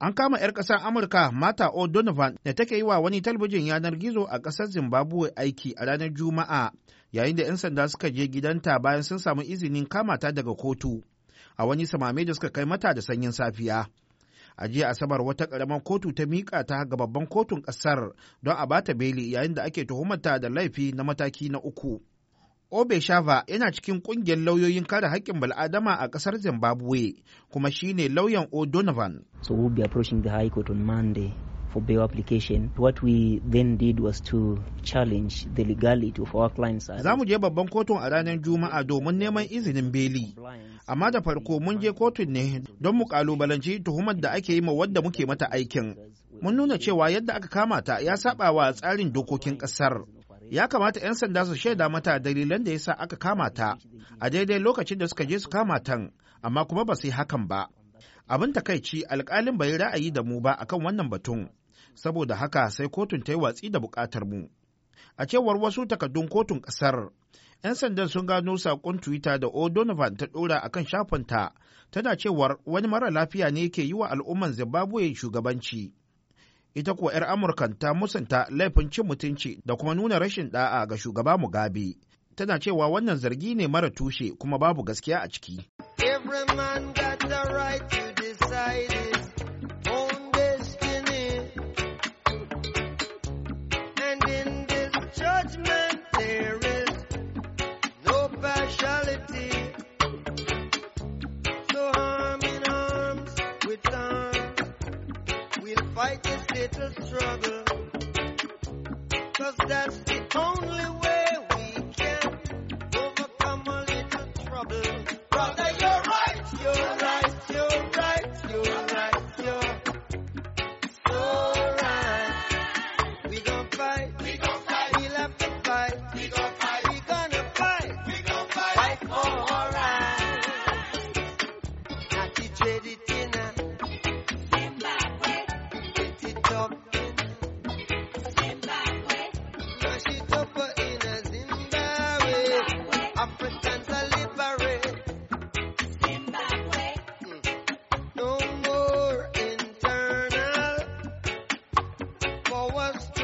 An kama 'yar ƙasar Amurka Mata O'Donovan da take yi wa wani talbijin yanar gizo a ƙasar Zimbabwe aiki a ranar Juma'a yayin da 'yan sanda suka je gidanta bayan sun samu izinin kamata daga kotu a wani samame da suka kai mata da sanyin safiya. a jiya asabar wata karamar kotu ta miƙa ta ga babban kotun ƙasar don a bata beli yayin da ake tuhumarta da laifi na mataki na uku Obeshava yana cikin kungiyar lauyoyin kare haƙƙin bal'adama a ƙasar Zimbabwe kuma shine lauyan O'Donovan. So we'll be approaching the High Court on Monday for bail application. What we then did was to challenge the legality of our clients. Za mu je babban kotun a ranar Juma'a domin neman izinin beli. Amma da farko mun je kotun ne don mu kalubalanci tuhumar da ake yi ma wadda muke mata aikin. Mun nuna cewa yadda aka kama ta ya saba wa tsarin dokokin ƙasar. ya kamata 'yan sanda su shaida mata dalilan da yasa aka kama ta a daidai lokacin da suka je su kama tan amma kuma ba su yi hakan ba abin takaici alkalin bai ra'ayi da mu ba akan wannan batun saboda haka sai kotun ta yi watsi da bukatar mu a cewar wasu takaddun kotun ƙasar, 'yan sandan sun gano saƙon twitter da o'donovan ta ɗora akan shafinta tana cewar wani mara lafiya ne ke yi wa al'umman zimbabwe shugabanci ita kuwa 'yar amurkan ta musanta laifin cin mutunci da kuma nuna rashin da'a ga shugaba mugabe tana cewa wannan zargi ne mara tushe kuma babu gaskiya a ciki Every man fight this little struggle. Cause that's the only way we can overcome a little trouble. Brother, you're right, you're right, you're right, you're right, you're so right. We gon' fight, we gon' fight, we'll have to fight, we gon' fight, we gonna fight, we gon' fight, fight alright. Not to was